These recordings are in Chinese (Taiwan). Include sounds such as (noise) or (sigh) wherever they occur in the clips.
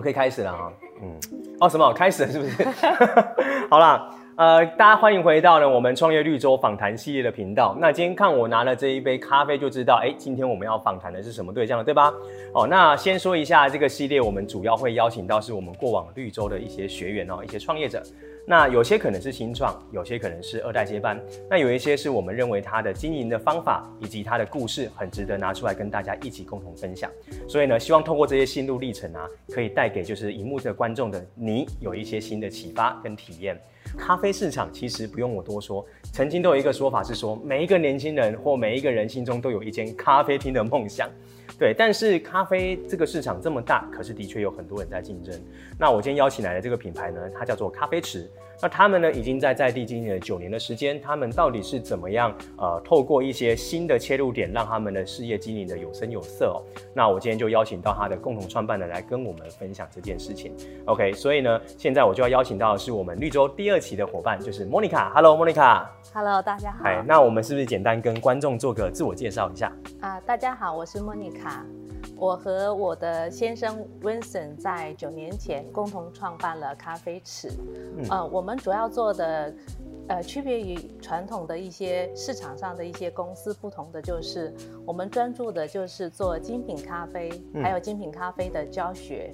可以開始了啊。哦、嗯，哦，什麼？開始了是不是？ (laughs) 好啦，呃，大家歡迎回到呢我們創業綠洲訪談系列的頻道。那今天看我拿了這一杯咖啡，就知道哎、欸，今天我們要訪談的是什麼對象了，對吧？哦，那先說一下這個系列，我們主要會邀請到是我們過往綠洲的一些學員哦，一些創業者。那有些可能是新創，有些可能是二代接班，那有一些是我們認為它的經營的方法以及它的故事很值得拿出來跟大家一起共同分享。所以呢，希望通過這些心路歷程啊，可以帶給就是螢幕的觀眾的你有一些新的啟發跟體驗。咖啡市場其實不用我多說，曾經都有一個說法是說，每一個年輕人或每一個人心中都有一間咖啡廳的夢想。對，但是咖啡這個市場這麼大，可是的確有很多人在競爭。那我今天邀請來的這個品牌呢，它叫做咖啡匙。那他們呢，已經在在地經營了九年的時間，他們到底是怎麼樣？呃，透過一些新的切入點，讓他們的事業經營得有聲有色。哦，那我今天就邀請到他的共同創辦人來跟我們分享這件事情。OK，所以呢，現在我就要邀請到的是我們綠洲第二期的伙伴，就是莫妮卡。Hello，莫妮卡。Hello，大家好。Hey, 那我們是不是簡單跟觀眾做個自我介紹一下？啊，uh, 大家好，我是莫妮卡。我和我的先生溫 i n n 在九年前共同創辦了咖啡池。嗯、呃，我們主要做的，呃，區別於傳統的一些市場上的一些公司不同的就是，我們專注的就是做精品咖啡，還有精品咖啡的教學，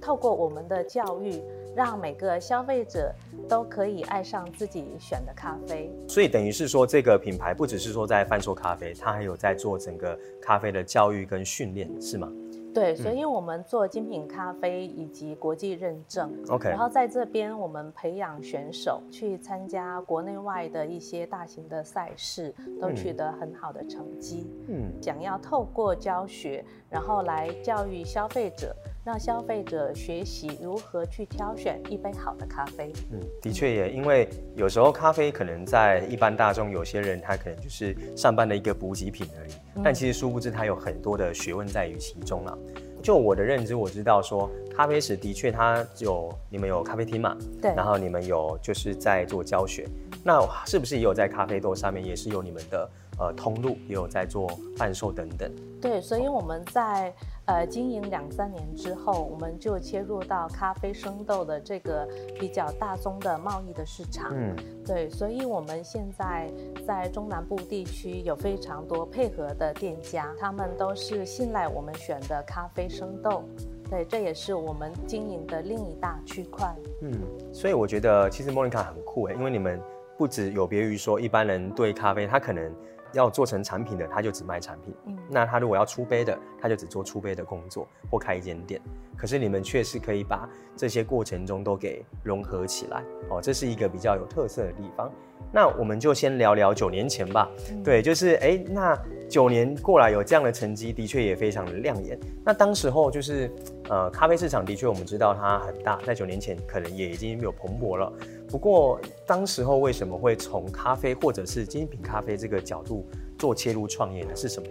透過我們的教育，讓每個消費者都可以愛上自己選的咖啡，所以等於是說，這個品牌不只是說在販售咖啡，它還有在做整個咖啡的教育跟訓練，是嗎？對，所以我們做精品咖啡以及國際認證，嗯，然後在這邊，我們培養選手去參加國內外的一些大型的賽事，都取得很好的成績。嗯，想要透過教學。然後來教育消費者，讓消費者學習如何去挑選一杯好的咖啡。嗯，的確也，因為有時候咖啡可能在一般大眾，有些人他可能就是上班的一個補給品而已。但其實殊不知他有很多的學問在於其中啊。就我的認知，我知道說咖啡匙的確他有，你們有咖啡廳嘛？對。然後你們有就是在做教學，那是不是也有在咖啡豆上面也是有你們的？呃，通路也有在做販售等等。對，所以我們在呃經營兩三年之後，我們就切入到咖啡生豆的這個比較大宗的貿易的市場。嗯，對，所以我們現在在中南部地區有非常多配合的店家，他們都是信賴我們選的咖啡生豆。對，這也是我們經營的另一大區塊。嗯，所以我覺得其實莫妮卡很酷誒、欸，因為你們不只有別於說一般人對咖啡，他可能。要做成產品的，他就只賣產品；嗯、那他如果要出杯的，他就只做出杯的工作，或開一間店。可是你們確實可以把這些過程中，都給融合起來哦，這是一個比較有特色的地方。那我們就先聊聊九年前吧。嗯、對，就是哎、欸，那九年過來有這樣的成績，的確也非常的亮眼。那當時候就是呃，咖啡市場的確我們知道它很大，在九年前可能也已經沒有蓬勃了。不過當時候為什麼會從咖啡或者是精品咖啡這個角度做切入創業呢？是什麼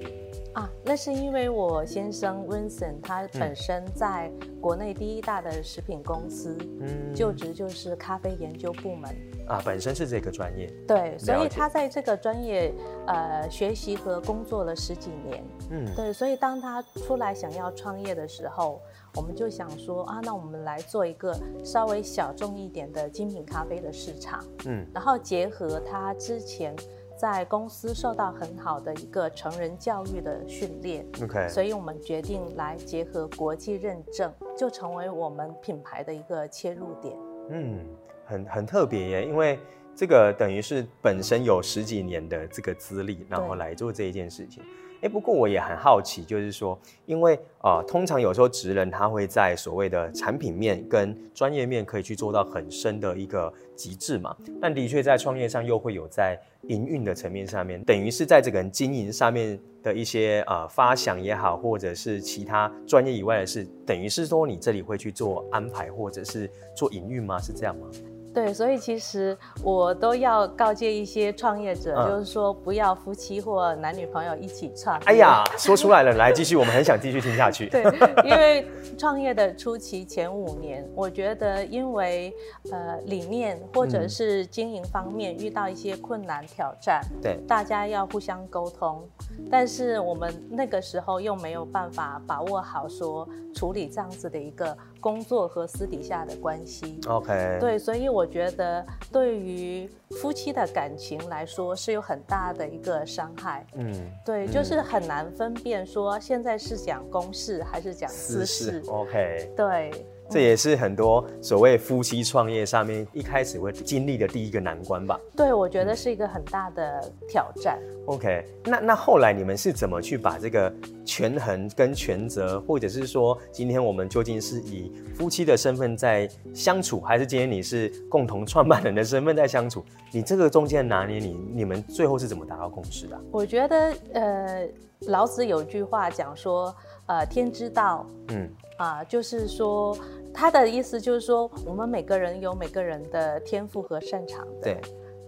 啊，那是因為我先生 Winson 他本身在國內第一大的食品公司，嗯，就職就是咖啡研究部門。啊，本身是這個專業。對，了解。所以他在這個專業呃學習和工作了十幾年。嗯，對，所以當他出來想要創業的時候，我們就想說啊，那我們來做一個稍微小眾一點的精品咖啡的市場。嗯，然後結合他之前。在公司受到很好的一個成人教育的訓練，OK，所以我們決定來結合國際認證，就成為我們品牌的一個切入點。嗯，很很特別耶，因為這個等於是本身有十幾年的這個資歷，然後來做這一件事情。哎、欸，不過我也很好奇，就是說，因為啊、呃，通常有時候職人他會在所謂的產品面跟專業面可以去做到很深的一個極致嘛。但的確在創業上又會有在營運的層面上面，等於是在這個人經營上面的一些呃發想也好，或者是其他專業以外的事，等於是說你這裡會去做安排，或者是做營運嗎？是這樣嗎？對，所以其實我都要告誡一些創業者，嗯、就是說不要夫妻或男女朋友一起創。哎呀，說出來了， (laughs) 來繼續，我們很想繼續聽下去。對， (laughs) 因為創業的初期前五年，我覺得因為呃理念或者是經營方面遇到一些困難挑戰，對、嗯，大家要互相溝通。但是我們那個時候又沒有辦法把握好說處理這樣子的一個。工作和私底下的關係，OK，對，所以我覺得對於夫妻的感情來說是有很大的一個傷害，嗯，對，嗯、就是很難分辨說現在是講公事還是講私事，私事，OK，對。這也是很多所謂夫妻創業上面一開始會經歷的第一個難關吧？對，我覺得是一個很大的挑戰。嗯、OK，那那後來你們是怎麼去把這個權衡跟權責，或者是說今天我們究竟是以夫妻的身份在相處，還是今天你是共同創辦人的身份在相處？你這個中間拿捏你你們最後是怎麼達到共識的？我覺得，呃，老子有一句話講說，呃，天之道，嗯，啊、呃，就是說。他的意思就是說，我們每個人有每個人的天賦和擅長的，對，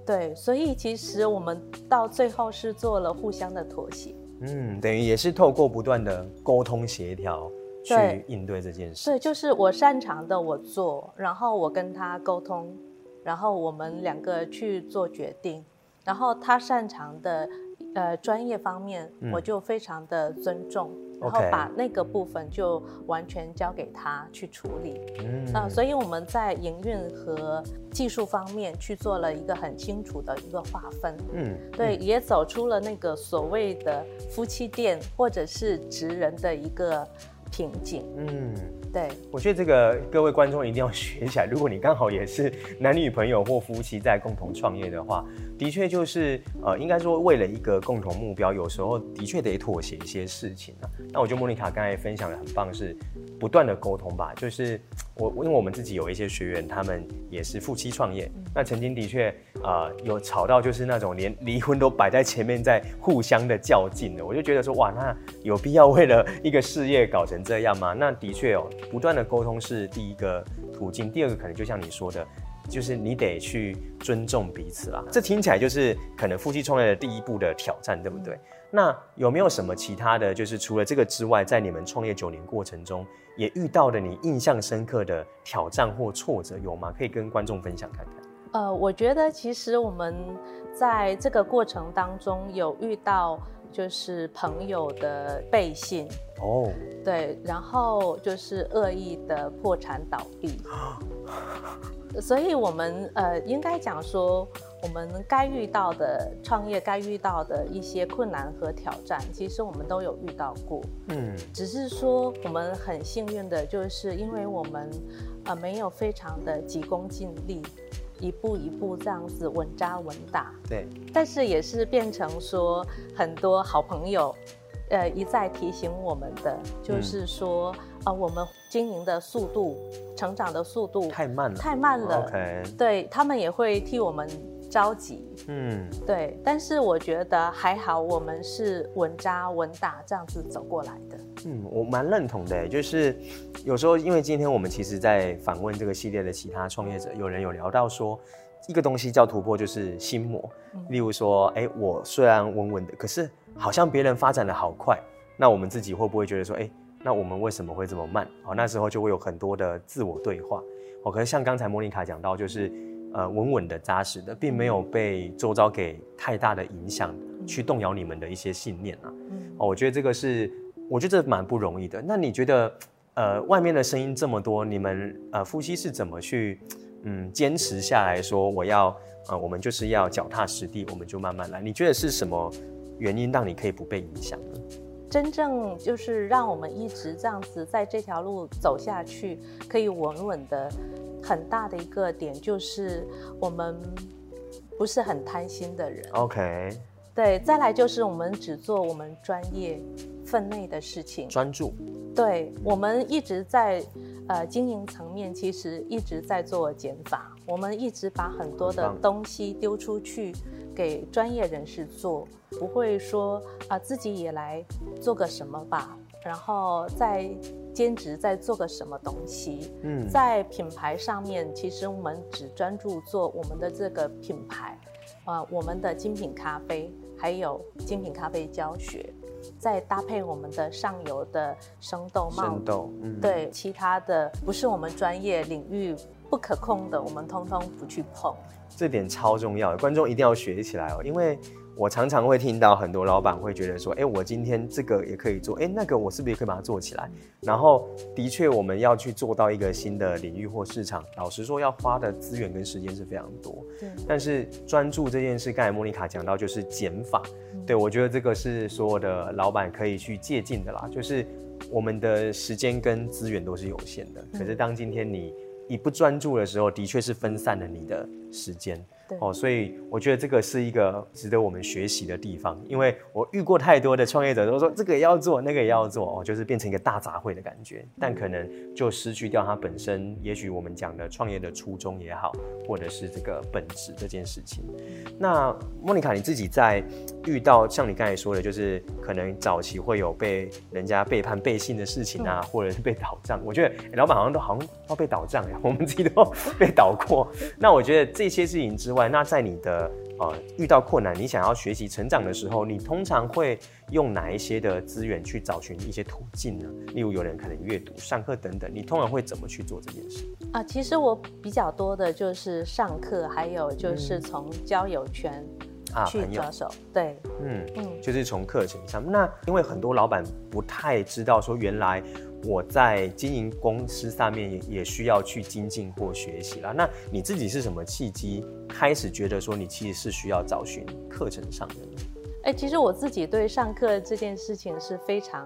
對，所以其實我們到最後是做了互相的妥協，嗯，等於也是透過不斷的溝通協調去應對這件事對。對，就是我擅長的我做，然後我跟他溝通，然後我們兩個去做決定，然後他擅長的。呃，專業方面我就非常的尊重，嗯、然後把那個部分就完全交給他去處理。嗯，啊、呃，所以我們在營運和技術方面去做了一個很清楚的一個劃分。嗯，對，嗯、也走出了那個所謂的夫妻店或者是職人的一個瓶頸。嗯，對，我覺得這個各位觀眾一定要學起來。如果你剛好也是男女朋友或夫妻在共同創業的話。的確，就是呃，應該說為了一個共同目標，有時候的確得妥協一些事情啊。那我覺得莫妮卡剛才分享的很棒，是不斷的溝通吧。就是我，因為我們自己有一些學員，他們也是夫妻創業，那曾經的確啊，呃，有吵到就是那種連離婚都擺在前面，在互相的較勁了。我就覺得說，哇，那有必要為了一個事業搞成這樣嗎？那的確哦，不斷的溝通是第一個途徑，第二個可能就像你說的。就是你得去尊重彼此啦，這聽起來就是可能夫妻創業的第一步的挑戰，對不對？那有沒有什麼其他的，就是除了這個之外，在你們創業九年過程中也遇到的你印象深刻的挑戰或挫折有嗎？可以跟觀眾分享看看。呃，我覺得其實我們在這個過程當中有遇到。就是朋友的背信哦，oh. 對，然後就是惡意的破產倒閉， (laughs) 所以我們呃應該講說，我們該遇到的創業該遇到的一些困難和挑戰，其實我們都有遇到過，嗯，mm. 只是說我們很幸運的就是因為我們呃沒有非常的急功近利。一步一步這樣子穩扎穩打，對。但是也是變成說很多好朋友，呃，一再提醒我們的，嗯。就是說啊，呃，我們經營的速度、成長的速度太慢了，太慢了。哦，okay。對，他們也會替我們。着急，嗯，對，但是我覺得還好，我們是穩扎穩打這樣子走過來的。嗯，我蠻認同的，就是有時候因為今天我們其實，在訪問這個系列的其他創業者，有人有聊到說，一個東西叫突破，就是心魔。嗯、例如說，哎、欸，我雖然穩穩的，可是好像別人發展得好快，那我們自己會不會覺得說，哎、欸，那我們為什麼會這麼慢？好，那時候就會有很多的自我對話。好，可是像剛才莫妮卡講到，就是。嗯呃，穩穩的、扎實的，並沒有被周遭給太大的影響，去動搖你們的一些信念啊。哦，我覺得這個是，我覺得這蠻不容易的。那你覺得，呃，外面的聲音這麼多，你們，呃，夫妻是怎麼去，嗯，堅持下來說我要，呃，我們就是要腳踏實地，我們就慢慢來。你覺得是什麼原因讓你可以不被影響呢？真正就是讓我們一直這樣子在這條路走下去，可以穩穩的，很大的一個點就是我們不是很貪心的人。OK，對，再來就是我們只做我們專業分內的事情，專注。對，我們一直在呃經營層面，其實一直在做減法，我們一直把很多的東西丟出去。給專業人士做，不會說啊、呃、自己也來做個什麼吧，然後再兼職再做個什麼東西。嗯，在品牌上面，其實我們只專注做我們的這個品牌，啊、呃，我們的精品咖啡，還有精品咖啡教學，再搭配我們的上游的生豆貿易，嗯，對，其他的不是我們專業領域。不可控的，嗯、我們通通不去碰，這點超重要的，觀眾一定要學起來哦。因為我常常會聽到很多老闆會覺得說：“誒，我今天這個也可以做，誒，那個我是不是也可以把它做起來？”嗯、然後的確，我們要去做到一個新的領域或市場，老實說，要花的資源跟時間是非常多。對但是專注這件事，剛才莫妮卡講到就是減法。嗯、對，我覺得這個是所有的老闆可以去借鑒的啦。就是我們的時間跟資源都是有限的，嗯、可是當今天你。你不專注的時候，的確是分散了你的時間。對哦，所以我覺得這個是一個值得我們學習的地方，因為我遇過太多的創業者都說，這個也要做，那個也要做，哦，就是變成一個大雜燴的感覺，但可能就失去掉它本身。也許我們講的創業的初衷也好，或者是這個本質這件事情。那莫妮卡，你自己在遇到像你剛才說的，就是可能早期會有被人家背叛背信的事情啊，或者是被倒賬。我覺得老闆好像都好像要被倒賬呀，我們自己都被倒過。那我覺得這些事情之外，那在你的呃遇到困難，你想要學習成長的時候，你通常會用哪一些的資源去找尋一些途徑呢？例如有人可能閱讀、上課等等，你通常會怎麼去做這件事？啊，其實我比較多的就是上課，還有就是從交友圈啊去着手，啊、對，嗯嗯，就是從課程上。那因為很多老闆不太知道說原來。我在經營公司上面也也需要去精進或學習了。那你自己是什麼契機開始覺得說你其實是需要找尋課程上的呢？哎、欸，其實我自己對上課這件事情是非常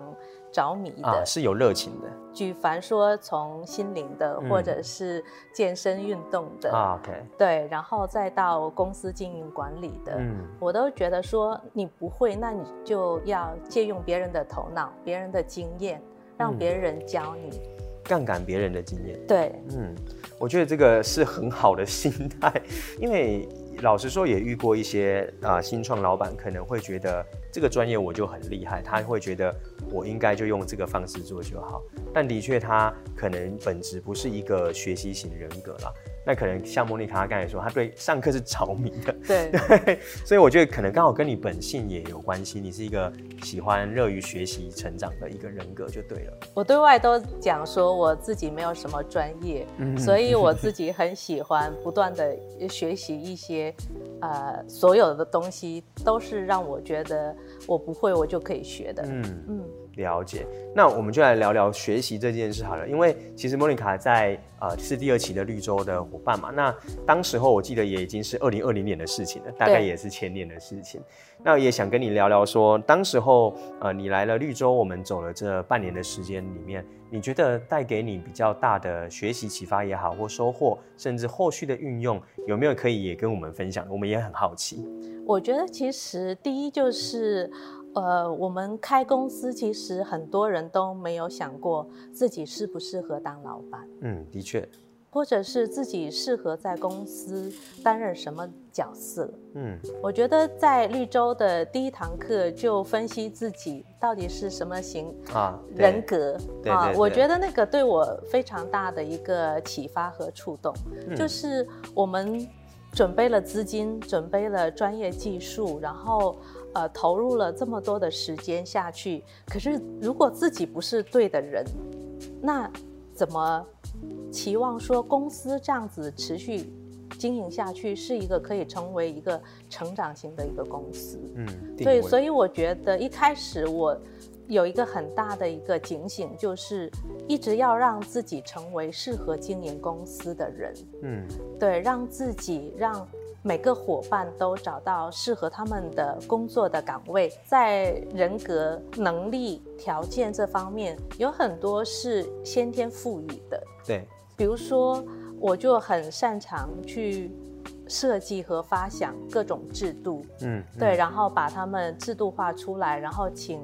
着迷的，啊、是有熱情的。舉凡說從心靈的或者是健身運動的，嗯、對，然後再到公司經營管理的，嗯、我都覺得說你不會，那你就要借用別人的頭腦、別人的經驗。讓別人教你，槓桿別人的經驗。對，嗯，我覺得這個是很好的心態，因為。老實說，也遇過一些啊，呃，新創老闆可能會覺得這個專業我就很厲害，他會覺得我應該就用這個方式做就好。但的確，他可能本質不是一個學習型人格啦，那可能像莫妮卡剛才說，他對上課是着迷的，對，對，對。所以我覺得可能剛好跟你本性也有關係，你是一個喜歡樂於學習成長的一個人格就對了。我對外都講說我自己沒有什麼專業，嗯，所以我自己很喜歡不斷的學習一些。呃，所有的東西都是讓我覺得我不會，我就可以學的。嗯嗯。嗯了解，那我們就來聊聊學習這件事好了。因為其實莫妮卡在呃是第二期的綠洲的夥伴嘛，那當時候我記得也已經是二零二零年的事情了，對大概也是前年的事情。那我也想跟你聊聊說，當時候呃你來了綠洲，我們走了這半年的時間裡面，你覺得帶給你比較大的學習啟發也好，或收穫，甚至後續的運用，有沒有可以也跟我們分享？我們也很好奇。我覺得其實第一就是。嗯呃，我們開公司，其實很多人都沒有想過自己適不適合當老闆。嗯，的確。或者是自己適合在公司擔任什麼角色。嗯，我覺得在綠洲的第一堂課就分析自己到底是什麼型啊人格啊，對對對對。我覺得那個對我非常大的一個啟發和觸動，嗯，就是我們準備了資金，準備了專業技術，然後。呃，投入了這麼多的時間下去，可是如果自己不是對的人，那怎麼期望說公司這樣子持續經營下去，是一個可以成為一個成長型的一個公司？嗯，對，所以我覺得一開始我有一個很大的一個警醒，就是一直要讓自己成為適合經營公司的人。嗯，對，讓自己讓。每個夥伴都找到適合他們的工作的崗位，在人格、能力、條件這方面，有很多是先天賦予的。對，比如說，我就很擅長去設計和發想各種制度。嗯，對，嗯，然後把他們制度化出來，然後請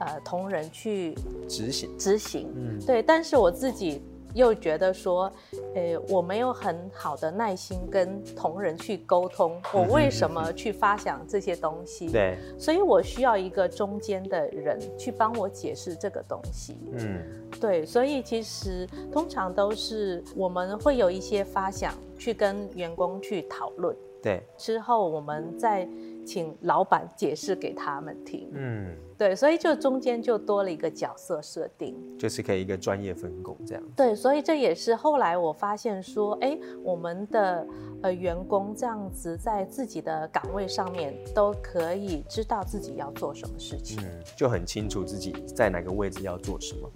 呃同仁去執行。執行。嗯，對，但是我自己。又覺得說，誒、呃，我沒有很好的耐心跟同仁去溝通，我為什麼去發想這些東西？ (laughs) 對，所以我需要一個中間的人去幫我解釋這個東西。嗯，對，所以其實通常都是我們會有一些發想去跟員工去討論。對，之後我們再。請老板解釋給他們聽。嗯，對，所以就中間就多了一個角色設定，就是可以一個專業分工這樣。對，所以這也是後來我發現說，哎、欸，我們的呃員工這樣子在自己的崗位上面都可以知道自己要做什麼事情，嗯、就很清楚自己在哪個位置要做什麼。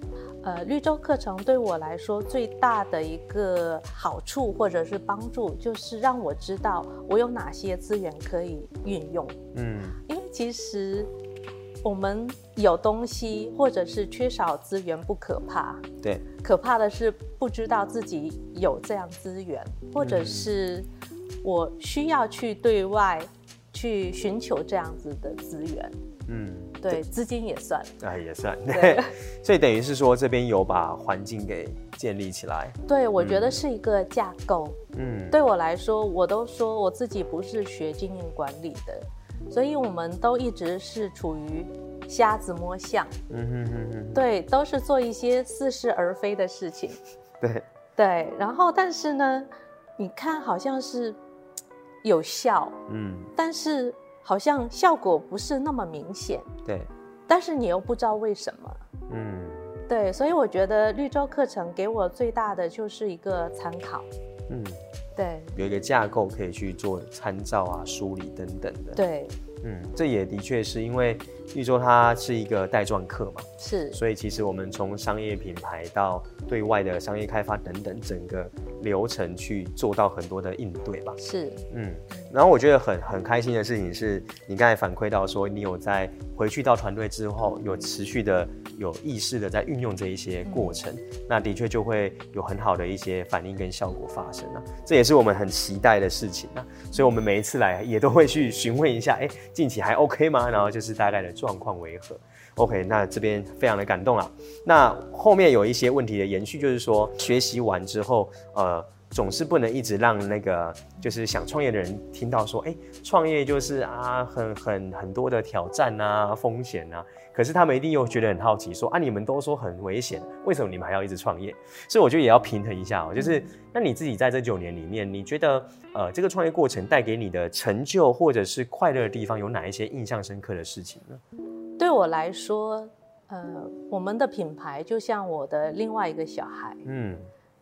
呃，綠洲課程對我來說最大的一個好處或者是幫助，就是讓我知道我有哪些資源可以運用。嗯，因為其實我們有東西，或者是缺少資源不可怕，對，可怕的是不知道自己有這樣資源，或者是我需要去對外去尋求這樣子的資源。嗯。嗯對，資金也算啊，也算。對， (laughs) 所以等於是說這邊有把環境給建立起來。對，我覺得是一個架構。嗯，對我來說，我都說我自己不是學經營管理的，所以我們都一直是處於瞎子摸象。嗯嗯嗯嗯。對，都是做一些似是而非的事情。對。對，然後但是呢，你看好像是有效。嗯，但是。好像效果不是那麼明顯，對，但是你又不知道為什麼，嗯，對，所以我覺得綠洲課程給我最大的就是一個參考，嗯，對，有一個架構可以去做參照啊、梳理等等的，對，嗯，這也的確是因為。綠洲它是一個帶狀課，嘛，是，所以其實我們從商業品牌到對外的商業開發等等整個流程去做到很多的應對吧，是，嗯，然後我覺得很很開心的事情是你剛才反饋到說你有在回去到團隊之後有持續的有意識的在運用這一些過程，嗯、那的確就會有很好的一些反應跟效果發生啊，這也是我們很期待的事情啊，所以我們每一次來也都會去詢問一下，哎，近期還 OK 嗎？然後就是大概的。狀況為何？OK，那這邊非常的感動啊。那後面有一些問題的延續，就是說學習完之後，呃，總是不能一直讓那個就是想創業的人聽到說，哎、欸，創業就是啊，很很很多的挑戰啊，風險啊。可是他們一定又覺得很好奇說啊，你們都說很危險，為什麼你們還要一直創業？所以我覺得也要平衡一下哦。就是那你自己在這九年裡面，你覺得呃這個創業過程帶給你的成就或者是快樂的地方，有哪一些印象深刻的事情呢？對我來說，呃，我們的品牌就像我的另外一個小孩，嗯，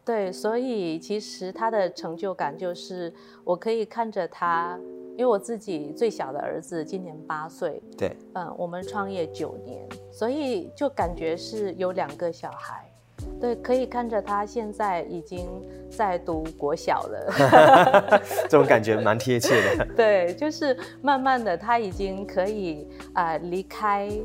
對，所以其實他的成就感就是我可以看着他。因為我自己最小的兒子今年八歲，對，嗯、呃，我們創業九年，所以就感覺是有兩個小孩，對，可以看着他現在已經在讀國小了， (laughs) (laughs) 這種感覺蠻貼切的， (laughs) 對，就是慢慢的他已經可以、呃、離開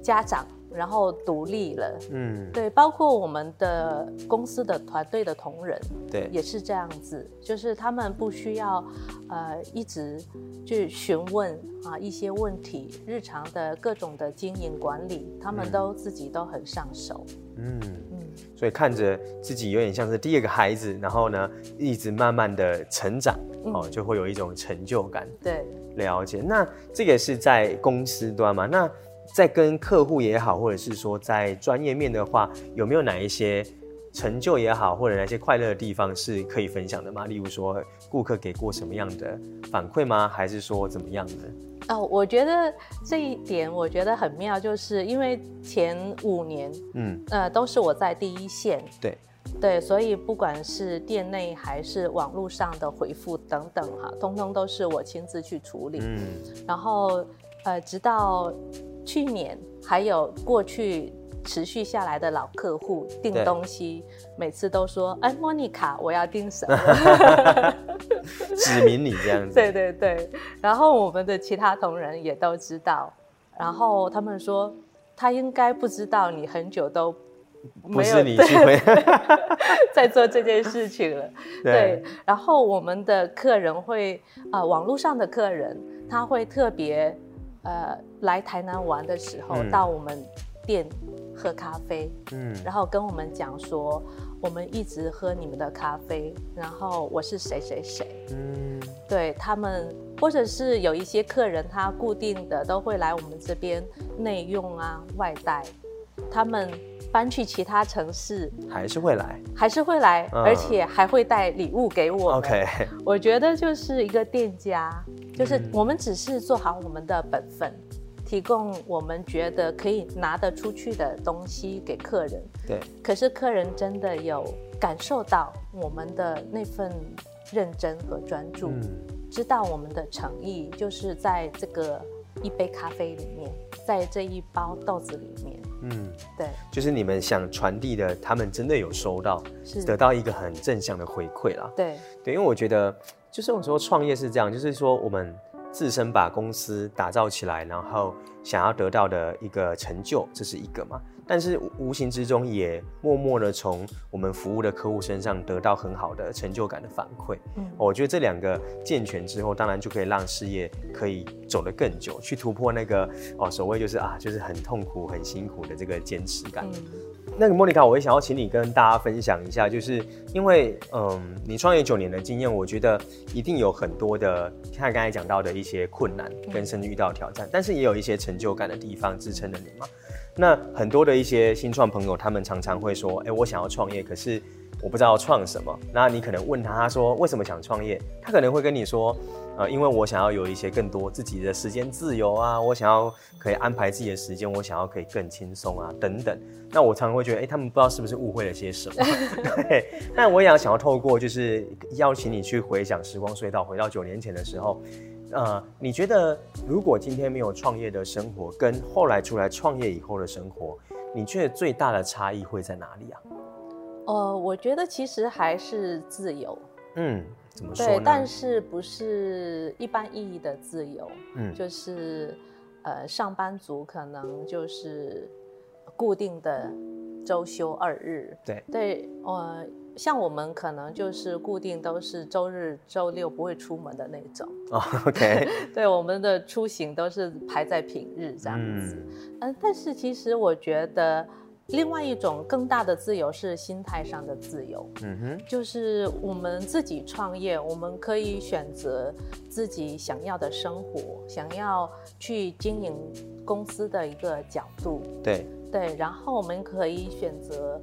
家長。然後獨立了，嗯，對，包括我們的公司的團隊的同仁，對，也是這樣子，對就是他們不需要，呃，一直去詢問啊一些問題，日常的各種的經營管理，他們都自己都很上手，嗯嗯，嗯所以看着自己有點像是第二個孩子，然後呢，一直慢慢的成長，哦，就會有一種成就感，對、嗯，了解，那這個是在公司端嘛，那。在跟客戶也好，或者是說在專業面的話，有沒有哪一些成就也好，或者哪些快樂的地方是可以分享的嗎？例如說顧客給過什麼樣的反饋嗎？還是說怎麼樣呢？哦，我覺得這一點我覺得很妙，就是因為前五年，嗯呃都是我在第一線，對對，所以不管是店內還是網絡上的回復等等哈，通通都是我親自去處理，嗯，然後呃直到。去年還有過去持續下來的老客戶訂東西，對每次都說：“哎，莫妮卡，我要訂什麼？”指明 (laughs) (laughs) 你這樣子。對對對，然後我們的其他同仁也都知道，然後他們說他應該不知道你很久都沒有不是你對對在做這件事情了。 (laughs) 對，對，然後我們的客人會啊、呃，網絡上的客人他會特別。呃，來台南玩的時候，嗯，到我們店喝咖啡，嗯，然後跟我們講說，我們一直喝你們的咖啡，然後我是誰誰誰，嗯，對他們，或者是有一些客人，他固定的都會來我們這邊內用啊、外帶，他們。搬去其他城市還是會來，還是會來，嗯、而且還會帶禮物給我。OK，我覺得就是一個店家，就是我們只是做好我們的本分，嗯、提供我們覺得可以拿得出去的東西給客人。對，可是客人真的有感受到我們的那份認真和專注，嗯、知道我們的誠意，就是在這個。一杯咖啡裡面，在這一包豆子裡面，嗯，對，就是你們想傳遞的，他們真的有收到，是得到一個很正向的回饋啦。對，對，因為我覺得，就是我說創業是這樣，就是說我們自身把公司打造起來，然後想要得到的一個成就，這是一個嘛。但是無形之中也默默的從我們服務的客戶身上得到很好的成就感的反饋。嗯、哦，我覺得這兩個健全之後，當然就可以讓事業可以走得更久，去突破那個哦，所謂就是啊，就是很痛苦、很辛苦的這個堅持感。嗯、那個莫妮卡，我也想要請你跟大家分享一下，就是因為嗯，你創業九年的經驗，我覺得一定有很多的，像剛才講到的一些困難跟甚至遇到挑戰，嗯、但是也有一些成就感的地方支撐着你嘛。那很多的一些新創朋友，他們常常會說：“哎、欸，我想要創業，可是我不知道要創什麼。”那你可能問他，他說：“為什麼想創業？”他可能會跟你說：“呃，因為我想要有一些更多自己的時間自由啊，我想要可以安排自己的時間，我想要可以更輕鬆啊，等等。”那我常常會覺得：“哎、欸，他們不知道是不是誤會了些什麼？” (laughs) 對。但我也想要透過就是邀請你去回想時光隧道，回到九年前的時候。呃，你覺得如果今天沒有創業的生活，跟後來出來創業以後的生活，你覺得最大的差異會在哪裡啊？呃，我覺得其實還是自由，嗯，怎麼說呢？對，但是不是一般意義的自由。嗯，就是，呃，上班族可能就是固定的週休二日，對對，對呃像我們可能就是固定都是週日、週六不會出門的那種。哦，OK， (laughs) 對，我們的出行都是排在平日這樣子。嗯，呃，但是其實我覺得，另外一種更大的自由是心態上的自由。嗯哼，就是我們自己創業，我們可以選擇自己想要的生活，想要去經營公司的一個角度。對對，然後我們可以選擇。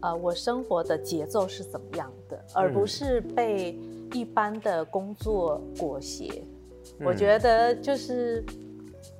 呃，我生活的節奏是怎麼樣的，而不是被一般的工作裹挾。嗯、我覺得就是。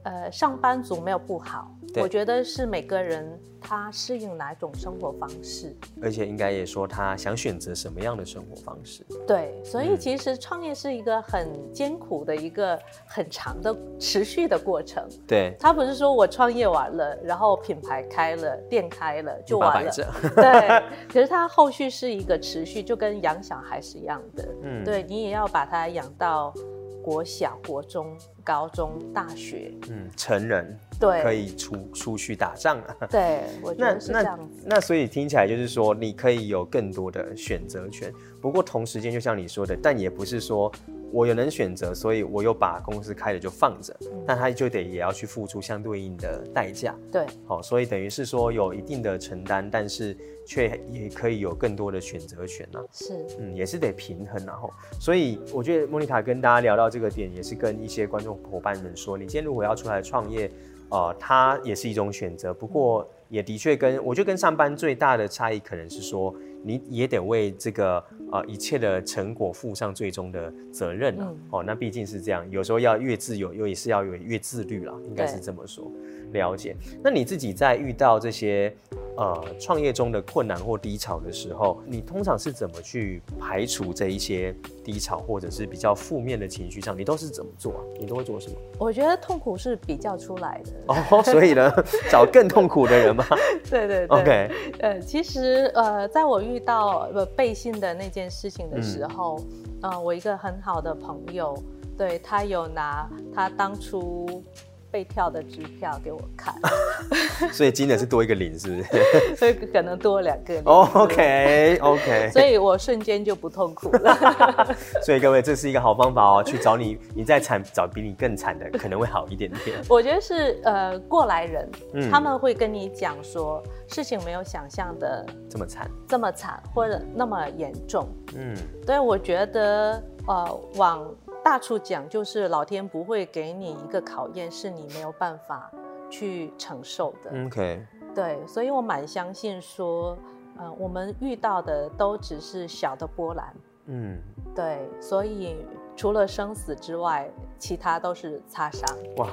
呃，上班族沒有不好，對我覺得是每個人他適應哪種生活方式，而且應該也說他想選擇什麼樣的生活方式。對，所以其實創業是一個很艱苦的一個很長的持續的過程。對，他不是說我創業完了，然後品牌開了，店開了就完了。白白 (laughs) 對，可是他後續是一個持續，就跟養小孩是一樣的。嗯，對，你也要把他養到，國小、國中、高中、大學，嗯，成人對，可以出出去打仗了、啊，對，我覺得那那是這樣子那，那所以聽起來就是說，你可以有更多的選擇權。不過同時間，就像你說的，但也不是說。我有能選擇，所以我又把公司開了就放着，嗯、但他就得也要去付出相對應的代價。對，好、哦，所以等於是說有一定的承擔，但是卻也可以有更多的選擇權啊。是，嗯，也是得平衡，然後，所以我覺得莫妮卡跟大家聊到這個點，也是跟一些觀眾夥伴們說，你今天如果要出來創業，呃，它也是一種選擇，不過也的確跟我覺得跟上班最大的差異，可能是說你也得為這個。啊、呃，一切的成果負上最終的責任了、啊。嗯、哦，那畢竟是這樣，有時候要越自由，又也是要有越，越自律啦，應該是這麼說。對了解。那你自己在遇到這些，呃，創業中的困難或低潮的時候，你通常是怎麼去排除這一些低潮或者是比較負面的情緒上？你都是怎麼做啊？你都會做什麼？我覺得痛苦是比較出來的哦，所以呢， (laughs) 找更痛苦的人吧 (laughs) 對對對。Okay 呃，其實呃，在我遇到背信的那件事情的時候，嗯、呃我一個很好的朋友，對他有拿他當初。被跳的支票給我看， (laughs) 所以今年是多一個零，是不是？ (laughs) 所以可能多兩個零是不是？Oh, OK OK， (laughs) 所以我瞬間就不痛苦了。 (laughs) (laughs) 所以各位，這是一個好方法哦、喔，去找你，你再慘，找比你更慘的，可能會好一點點。 (laughs) 我覺得是呃，過來人，嗯、他們會跟你講說，事情沒有想象的這麼慘，這麼慘或者那麼嚴重。嗯，對，我覺得呃，往。大處講，就是老天不會給你一個考驗，是你沒有辦法去承受的。OK，對，所以我蠻相信說，呃，我們遇到的都只是小的波瀾。嗯，對，所以除了生死之外，其他都是擦傷。哇，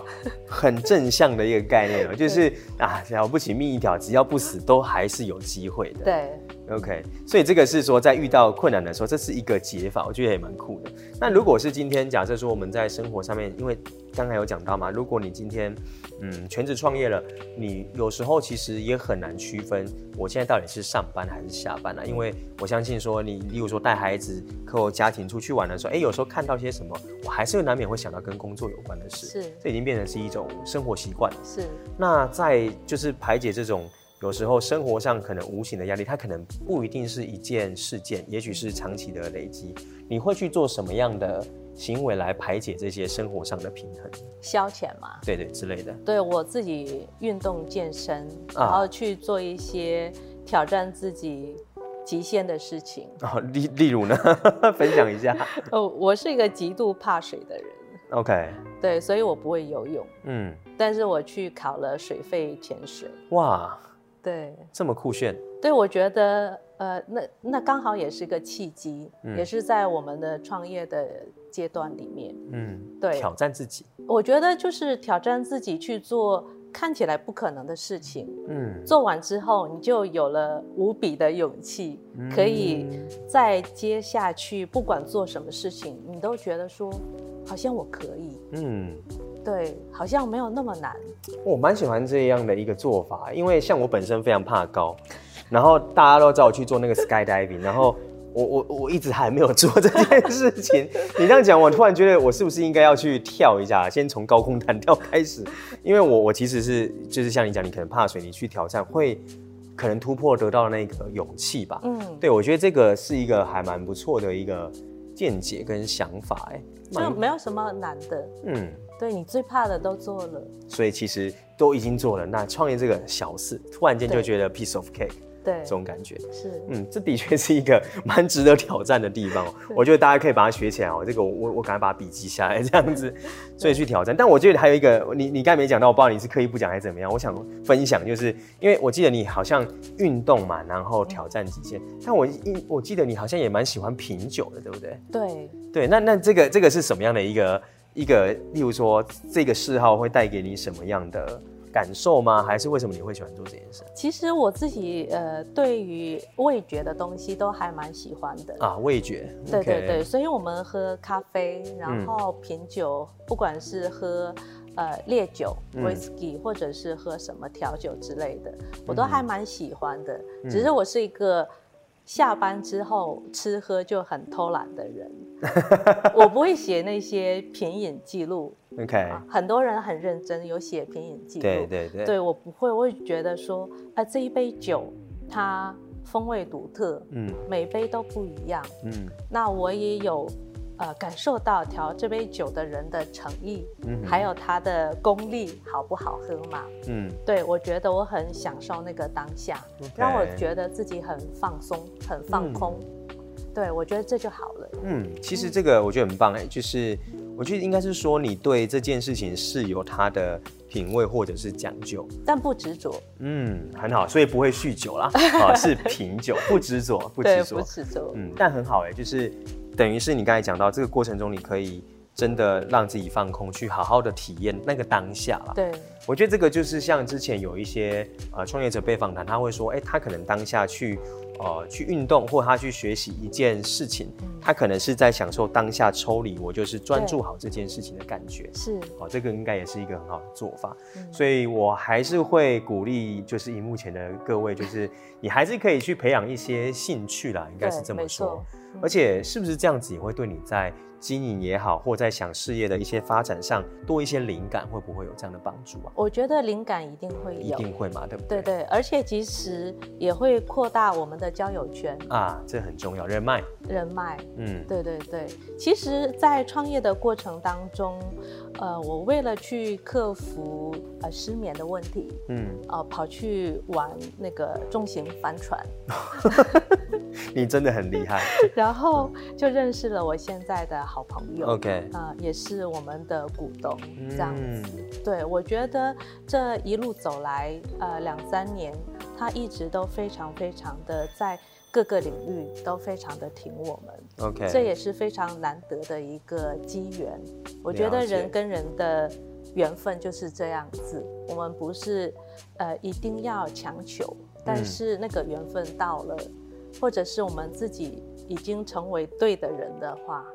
很正向的一個概念 (laughs) 就是對啊，了不起命一條，只要不死，都還是有機會的。對。OK，所以這個是說在遇到困難的時候，這是一個解法，我覺得也蠻酷的。那如果是今天假設說我們在生活上面，因為剛才有講到嘛，如果你今天嗯全職創業了，你有時候其實也很難區分我現在到底是上班還是下班啊？因為我相信說你，例如說帶孩子和家庭出去玩的時候，哎、欸，有時候看到些什麼，我還是難免會想到跟工作有關的事。是，這已經變成是一種生活習慣。是，那在就是排解這種。有時候生活上可能無形的壓力，它可能不一定是一件事件，也許是長期的累積。你會去做什麼樣的行為來排解這些生活上的平衡？消遣嘛？對對之類的。對我自己運動健身，啊、然後去做一些挑戰自己極限的事情。哦、啊，例例如呢？ (laughs) 分享一下。哦， (laughs) 我是一個極度怕水的人。OK。對，所以我不會游泳。嗯，但是我去考了水肺潛水。哇。對，這麼酷炫。對，我覺得，呃，那那剛好也是一個契機，嗯、也是在我們的創業的階段裡面，嗯，對，挑戰自己。我覺得就是挑戰自己去做看起來不可能的事情，嗯，做完之後你就有了無比的勇氣，嗯、可以再接下去，不管做什麼事情，你都覺得說，好像我可以，嗯。對，好像沒有那麼難。我蠻、哦、喜歡這樣的一個做法，因為像我本身非常怕高，然後大家都要叫我去做那個 skydiving， (laughs) 然後我我我一直還沒有做這件事情。 (laughs) 你這樣講，我突然覺得我是不是應該要去跳一下，先從高空彈跳開始？因為我我其實是就是像你講，你可能怕水，你去挑戰會可能突破得到那個勇氣吧。嗯，對，我覺得這個是一個還蠻不錯的一個見解跟想法、欸。哎滿，就、嗯、沒有什麼難的。嗯。對你最怕的都做了，所以其實都已經做了。那創業這個小事，突然間就覺得 piece of cake 對。對，這種感覺是，嗯，這的確是一個蠻值得挑戰的地方。對我覺得大家可以把它學起來哦。這個我我,我趕快把它筆記下來，這樣子，對所以去挑戰。對但我覺得還有一個，你你剛才沒講到，我不知道你是刻意不講還是怎麼樣。我想分享，就是因為我記得你好像運動嘛，然後挑戰極限。對但我一我記得你好像也蠻喜歡品酒的，對不對？對對，那那這個這個是什麼樣的一個？一個，例如說這個嗜好會帶給你什麼樣的感受嗎？還是為什麼你會喜歡做這件事？其實我自己呃，對於味覺的東西都還蠻喜歡的啊，味覺。對，okay. 對對對，所以我們喝咖啡，然後品酒，嗯、不管是喝、呃、烈酒、嗯、（whisky） 或者是喝什麼調酒之類的，我都還蠻喜歡的。嗯、只是我是一個。下班之後吃喝就很偷懶的人， (laughs) 我不會寫那些品飲記錄。OK，啊、很多人很認真有寫，有寫品飲記錄。對對對，對我不會，我會覺得說，啊、這一杯酒它風味獨特，嗯、每杯都不一樣，嗯、那我也有。呃，感受到調這杯酒的人的誠意，嗯、哼還有他的功力好不好喝嘛？嗯，對，我覺得我很享受那個當下，Okay. 讓我覺得自己很放鬆、很放空。嗯、對，我覺得這就好了。嗯，其實這個我覺得很棒哎、欸，就是我覺得應該是說你對這件事情是有它的品味或者是講究，但不執着。嗯，很好，所以不會酗酒啦，啊， (laughs) 是品酒，不執着，不執着，對不執着，嗯，但很好哎、欸，就是。等於是你剛才講到這個過程中，你可以真的讓自己放空，去好好的體驗那個當下啦。對。我覺得這個就是像之前有一些呃創業者被訪談，他會說，哎、欸，他可能當下去，呃，去運動，或他去學習一件事情，嗯、他可能是在享受當下抽離，我就是專注好這件事情的感覺。對呃、是，哦、呃，這個應該也是一個很好的做法。嗯、所以我還是會鼓勵，就是熒幕前的各位，就是對你還是可以去培養一些興趣啦，應該是這麼說。對嗯、而且是不是這樣子也會對你在經營也好，或在想事業的一些發展上多一些靈感？會不會有這樣的幫助啊？我覺得靈感一定會有，嗯、一定會嘛，對不對？對對，而且其實也會擴大我們的交友圈啊，這很重要，人脈。人脈，嗯，對對對。其實，在創業的過程當中，呃，我為了去克服呃失眠的問題，嗯，呃，跑去玩那個重型帆船， (laughs) (laughs) 你真的很厲害。然後就認識了我現在的好朋友，OK，啊、嗯呃，也是我們的股東，嗯、這樣子。對，我覺得。這一路走來，呃，兩三年，他一直都非常非常的在各個領域都非常的挺我們。OK，這也是非常難得的一個機緣。了解。我覺得人跟人的緣分就是這樣子，我們不是呃一定要強求，但是那個緣分到了，嗯、或者是我們自己已經成為對的人的話，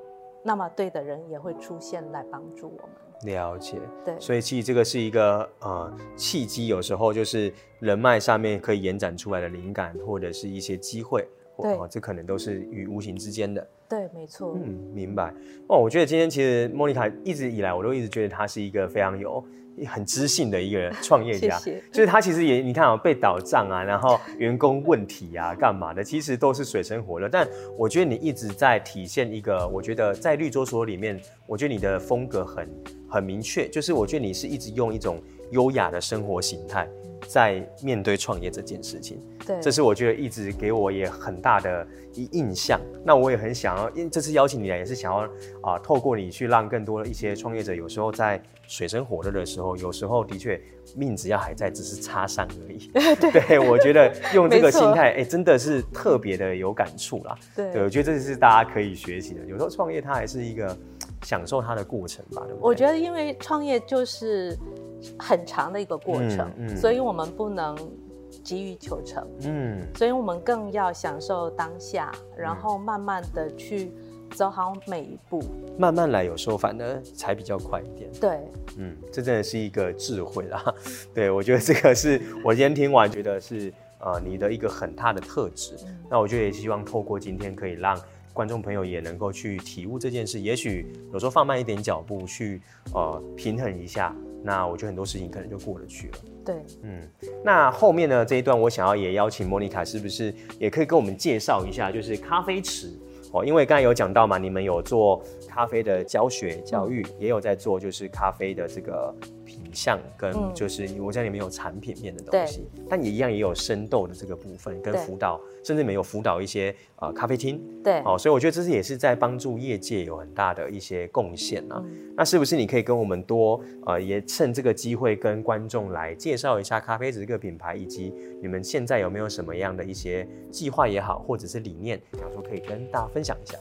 那麼對的人也會出現來幫助我們。了解，對，所以其實這個是一個呃契機，有時候就是人脈上面可以延展出來的靈感，或者是一些機會，對、呃，這可能都是與無形之間的。對，沒錯。嗯，明白。哦，我覺得今天其實莫妮卡一直以來，我都一直覺得她是一個非常有很知性的一個人創業家。謝謝。就是她其實也你看啊、哦，被倒賬啊，然後員工問題啊， (laughs) 幹嘛的，其實都是水深火熱。但我覺得你一直在體現一個，我覺得在綠洲所裡面，我覺得你的風格很。很明確，就是我覺得你是一直用一種優雅的生活形態在面對創業這件事情。對，這是我覺得一直給我也很大的一印象。那我也很想要，因這次邀請你來也是想要啊，透過你去讓更多一些創業者，有時候在水深火熱的時候，有時候的確命只要還在，只是擦傷而已。對， (laughs) 對我覺得用這個心態，哎錯、欸，真的是特別的有感觸啦。對，對，我覺得這是大家可以學習的。有時候創業它還是一個享受它的過程吧，我覺得，因為創業就是很長的一個過程，嗯，嗯，所以我們不能急於求成，嗯，所以我們更要享受當下，然後慢慢的去走好每一步。嗯、慢慢來，有時候反而才比較快一點。對，嗯，這真的是一個智慧啊！對，我覺得這個是我今天聽完覺得是呃你的一個很大的特質。嗯、那我覺得也希望透過今天可以讓。觀眾朋友也能夠去體悟這件事，也許有時候放慢一點腳步去，呃，平衡一下，那我覺得很多事情可能就過得去了。對，嗯，那後面呢這一段，我想要也邀請莫妮卡，是不是也可以跟我們介紹一下，就是咖啡匙哦，因為剛才有講到嘛，你們有做咖啡的教學教育，嗯、也有在做就是咖啡的這個。像跟就是，我家裡面有產品面的東西，嗯、但也一樣也有生豆的這個部分對跟輔導，甚至沒有輔導一些呃咖啡廳。對，哦、呃，所以我覺得這是也是在幫助業界有很大的一些貢獻啊。嗯、那是不是你可以跟我們多呃，也趁這個機會跟觀眾來介紹一下咖啡匙這個品牌，以及你們現在有沒有什麼樣的一些計劃也好，或者是理念，想說可以跟大家分享一下。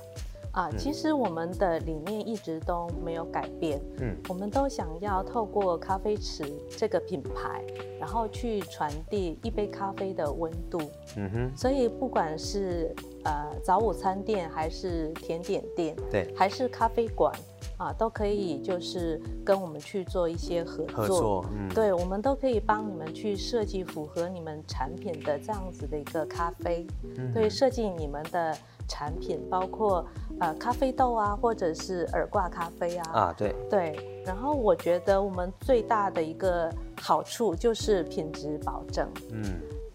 啊，其實我們的理念一直都沒有改變，嗯，我們都想要透過咖啡匙這個品牌，然後去傳遞一杯咖啡的溫度，嗯哼，所以不管是呃早午餐店，還是甜點店，對，還是咖啡館，啊，都可以就是跟我們去做一些合作，合作，嗯，對我們都可以幫你們去設計符合你們產品的這樣子的一個咖啡，嗯哼，對，設計你們的。產品包括呃咖啡豆啊，或者是耳掛咖啡啊。啊，對。對，然後我覺得我們最大的一個好處就是品質保證。嗯，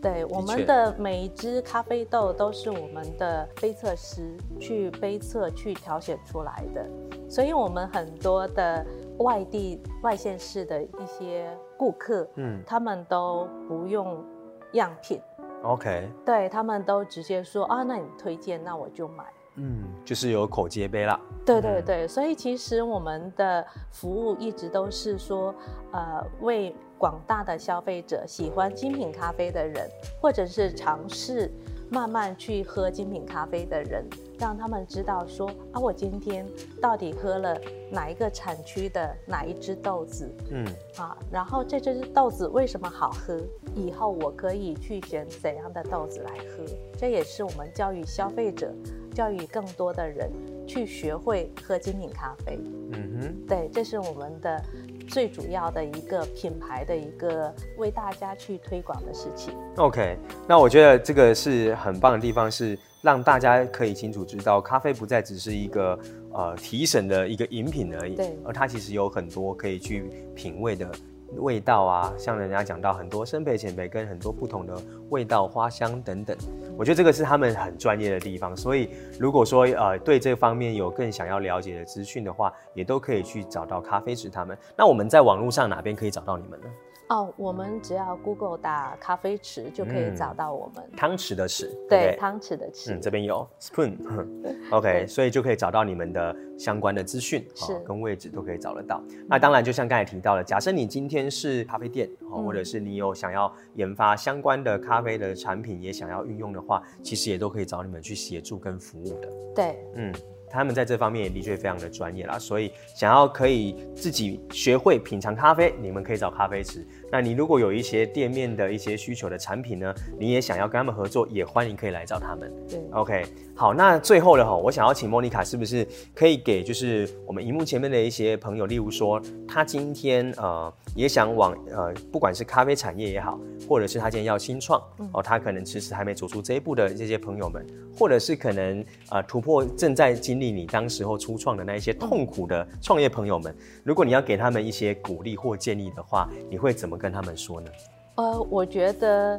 對，確我們的每一隻咖啡豆都是我們的杯測師去杯測去挑選出來的，所以我們很多的外地、外縣市的一些顧客，嗯，他們都不用樣品。OK，對，他們都直接說啊，那你推薦，那我就買。嗯，就是有口皆碑了。對對對，所以其實我們的服務一直都是說，呃，為廣大的消費者喜歡精品咖啡的人，或者是嘗試慢慢去喝精品咖啡的人，讓他們知道說啊，我今天到底喝了哪一個產區的哪一支豆子，嗯，啊，然後這支豆子為什麼好喝？以後我可以去選怎樣的豆子來喝，這也是我們教育消費者、教育更多的人去學會喝精品咖啡。嗯哼，對，這是我們的最主要的一個品牌的一個為大家去推廣的事情。OK，那我覺得這個是很棒的地方，是讓大家可以清楚知道，咖啡不再只是一個呃提神的一個飲品而已，對，而它其實有很多可以去品味的。味道啊，像人家講到很多深焙、淺焙跟很多不同的味道、花香等等，我覺得這個是他們很專業的地方。所以如果說呃對這方面有更想要了解的資訊的話，也都可以去找到咖啡匙他們。那我們在網絡上哪邊可以找到你們呢？哦，oh, 我們只要 Google 打咖啡匙就可以找到我們、嗯、湯匙的匙，對，對，對，湯匙的匙，嗯，這邊有 spoon，OK， (laughs) Okay, 對所以就可以找到你們的相關的資訊，是、哦、跟位置都可以找得到。那當然，就像剛才提到了，假設你今天是咖啡店，哦，或者是你有想要研發相關的咖啡的產品，嗯、也想要運用的話，其實也都可以找你們去協助跟服務的。對，嗯。他們在這方面也的確非常的專業啦，所以想要可以自己學會品嘗咖啡，你們可以找咖啡匙。那你如果有一些店面的一些需求的產品呢，你也想要跟他們合作，也歡迎可以來找他們。對，OK，好，那最後的話、哦，我想要請莫妮卡，是不是可以給就是我們熒幕前面的一些朋友，例如說他今天呃也想往呃不管是咖啡產業也好，或者是他今天要新創、嗯、哦，他可能遲遲還沒走出這一步的這些朋友們，或者是可能呃突破正在今你當時候初創的那一些痛苦的創業朋友們，如果你要給他們一些鼓勵或建議的話，你會怎麼跟他們說呢？呃，我覺得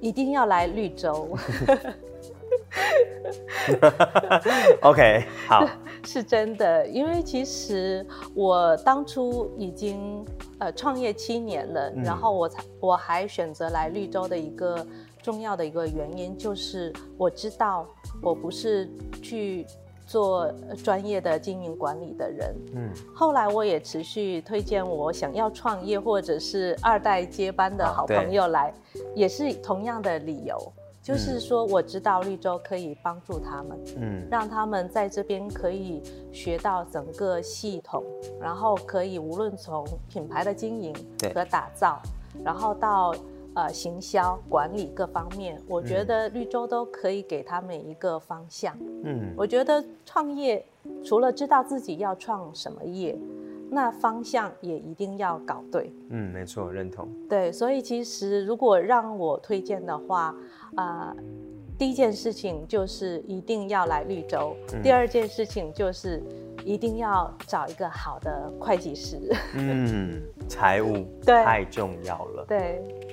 一定要來綠洲。 (laughs) (laughs) (laughs) OK，好，是，是真的，因為其實我當初已經呃創業七年了，嗯，然後我才我還選擇來綠洲的一個重要的一個原因就是我知道我不是去。做專業的經營管理的人，嗯，後來我也持續推薦我想要創業或者是二代接班的好朋友來，啊、也是同樣的理由，嗯、就是說我知道綠洲可以幫助他們，嗯，讓他們在這邊可以學到整個系統，然後可以無論從品牌的經營和打造，對然後到。呃，行銷管理各方面，我覺得綠洲都可以給他們一個方向。嗯，我覺得創業除了知道自己要創什麼業，那方向也一定要搞對。嗯，沒錯，認同。對，所以其實如果讓我推薦的話，啊、呃，第一件事情就是一定要來綠洲；嗯、第二件事情就是一定要找一個好的會計師。嗯， (laughs) 對財務太重要了。對。對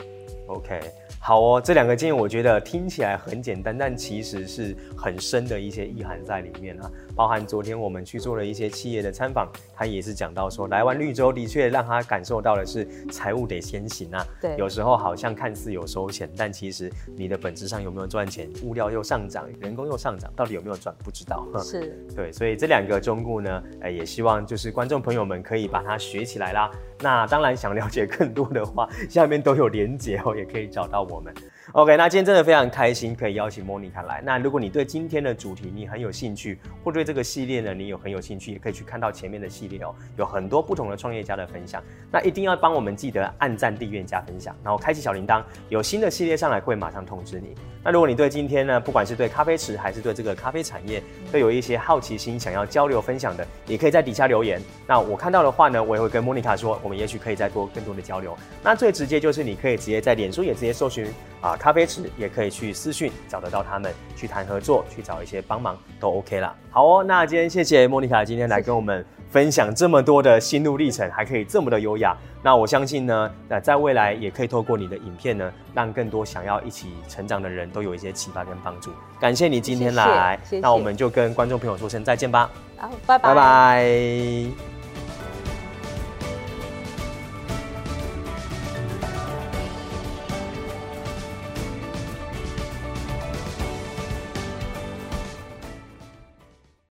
OK，好哦，這兩個建議我覺得聽起來很簡單，但其實是很深的一些意涵在裡面啊。包含昨天我們去做了一些企業的參訪，他也是講到說，來完綠洲的確讓他感受到的是財務得先行啊。對，有時候好像看似有收錢，但其實你的本質上有沒有賺錢？物料又上漲，人工又上漲，到底有沒有賺？不知道。是，對，所以這兩個忠告呢，哎，也希望就是觀眾朋友們可以把它學起來啦。那當然，想了解更多的話，下面都有連結哦，也可以找到我們。OK，那今天真的非常開心，可以邀請 Monica 來。那如果你對今天的主題你很有興趣，或對這個系列呢，你有很有興趣，也可以去看到前面的系列哦，有很多不同的創業家的分享。那一定要幫我們記得按讚、訂閱、加分享，然後開啟小鈴鐺，有新的系列上來會馬上通知你。那如果你對今天呢，不管是對咖啡匙還是對這個咖啡產業，都有一些好奇心，想要交流分享的，也可以在底下留言。那我看到的話呢，我也會跟莫妮卡說，我們也許可以再多更多的交流。那最直接就是你可以直接在臉書也直接搜尋啊咖啡匙，也可以去私訊找得到他們，去談合作，去找一些幫忙都 OK 啦。好哦，那今天謝謝莫妮卡今天來跟我們。分享這麼多的心路歷程，還可以這麼的優雅，那我相信呢，在未來也可以透過你的影片呢，讓更多想要一起成長的人都有一些啟發跟幫助。感謝你今天來，謝謝，謝謝。那我們就跟觀眾朋友說聲再見吧。好，拜拜。Bye bye